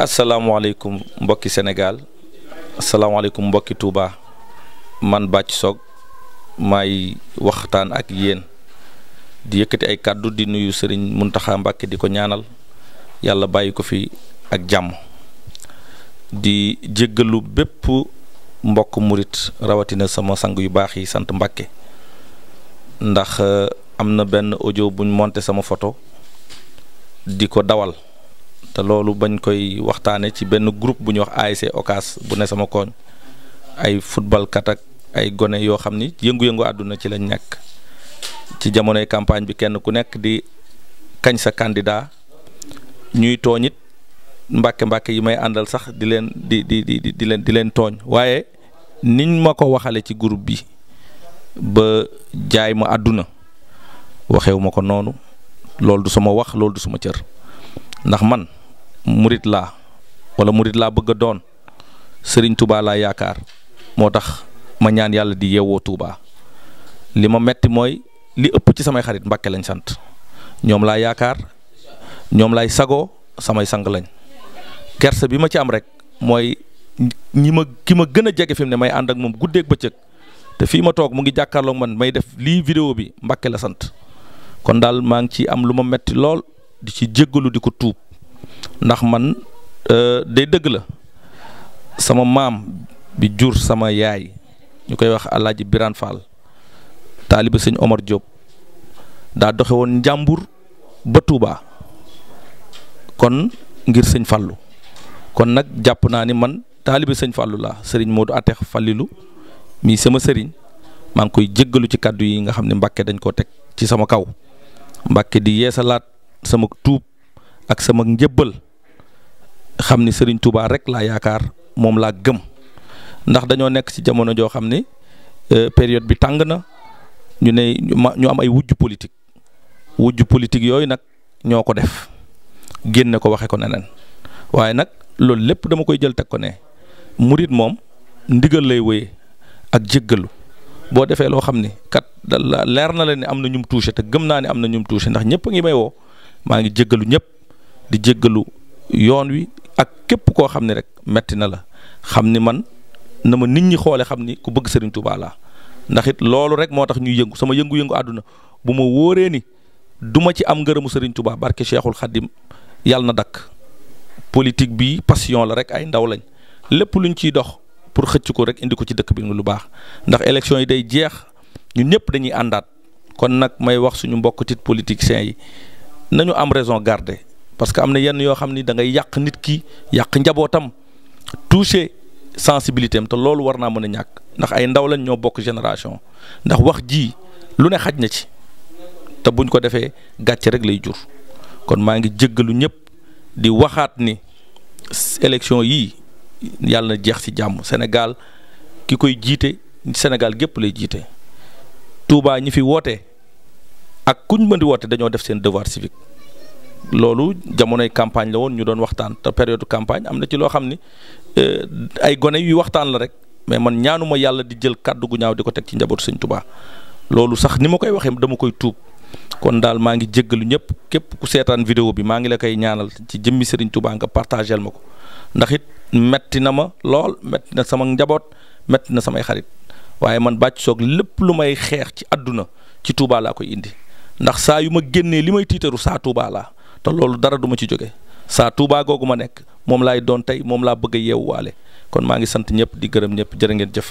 Assalamualaikum mbokki Senegal, Assalamualaikum mbokki Touba man batch sok, may waxtan ak yeen di yëkkati ay kaddu di nuyu serigne muntaha mbacke di ñaanal yalla bayiko fi ak jamm di jéggelu bepu mbokk murit rawatina sama sang yu bax yi sante mbacke ndax ojo bun monte audio buñ monté sama photo di dawal te loolu bañ koy waxtaane ci benn groupe bu ñuy wax ASC Ocas bu ne sama koñ ay football kat ak ay gone yoo xam ni yëngu-yëngu àdduna ci lañ nekk ci jamonoy campagne bi kenn ku nekk di kañ sa candidat ñuy toñit it mbàkke andal yi may àndal sax di leen di di di di leen di leen tooñ waaye niñ ma ko waxale ci groupe bi ba jaay ma àdduna waxewuma ko noonu loolu du sama wax loolu du sama cër ndax man murit la wala murit la bëgg doon serigne Touba la yaakar motax ma ñaan yalla di yewo Touba lima metti moy li ëpp ci samay xarit mbacké lañ sant ñom la yaakar ñom lay sago samay sang lañ kersa bima ci am rek moy ñima ma ki ma gën a jege may ak ma tok mu ngi jakkarlo man may def li vidéo bi mbacké la sant kon dal ma ngi ci am lu metti lool di ci jéggalu di ko ndax man euh, day sama mam bi jur sama yaay ñukay wax tali biran Fall talib seigne Omar Diop da doxé won jambour ba Touba kon ngir seigne Fallu kon nak japp naa ni man talib seigne Fallu la seigne Modou Atex Fallilu mi sama seigne mang koy jéggalu ci kaddu yi nga xamni mbacké dañ ko tek ci sama kaw mbacké di yéssalat sama tuub ak sama njëbbal xam ni sëriñ Touba rek laa yaakaar moom laa gëm ndax dañoo nekk ci jamono joo xam ni euh, période bi tàng na ñu ne ñu am ay wujj politique wujj politique yooyu nag ñoo ko def génne ko waxe ko neneen waaye nag loolu lépp dama koy jël teg ko ne murit moom ndigal lay wéye ak jéggalu boo defee loo xam ni kat leer na la ne am na ñum touché te gëm naa ne am na ñum touché ndax ñëpp ngi may woo maa ngi jéggalu ñëpp di jéggalu yoon wi ak képp koo xam ne rek metti na la xam man na ma nit ñi xoole xam ni ku bëgg Serigne Touba laa ndax it loolu rek moo tax ñuy yëngu sama yëngu-yëngu àdduna bu ma wóoree ni du ma ci am ngërëmu Serigne Touba barke Cheikhul Khadim yàlla na dakk politique bi passion la rek ay ndaw lañ lépp luñ ciy dox pour xëcc ko rek indi ko ci dëkk bi lu baax ndax élection yi day jeex ñun ñëpp dañuy àndaat kon nag may wax suñu mbokk tit politiciens yi Nous avons raison garder parce que amna yenn yo xamni da ngay yak nit ki yak toucher sensibilité faire, te loolu warna mëna ñak ndax ay génération ndax wax ji lu ne ci te buñ ko défé gatch rek lay jur kon ma ngi jéggalu ñëpp di ni élection yi yalla na jeex ci Sénégal ki koy Sénégal lay jité Touba ñi ak ku mën di woote dañoo def seen devoir civique loolu jamonoy campagne la woon ñu doon waxtaan te période campagne am na ci loo xam ni euh, ay gone yuy waxtaan la rek mais man ñaanuma yàlla di jël kàddu gu ñaaw di ko teg ci njaboot sëñ Tuubaa loolu sax ni ma koy waxee dama koy tuub kon daal maa ngi jëggalu ñëpp képp ku seetaan vidéo bi maa ngi la koy ñaanal ci jëmmi Serigne Touba nga partagel ma ko ndax it metti na ma lool metti na sama njaboot metti na samay xarit waaye man lu may xeex ci àdduna ci Touba laa koy indi ndax saa yu ma génnee li may tiitaru saa Touba laa te loolu dara duma ci jóge saa Touba googu ma nekk moom laay doon tey moom laa bëgg a yeewuwaale kon maa ngi sant ñëpp di gërëm ñëpp jërë ngeen jëf.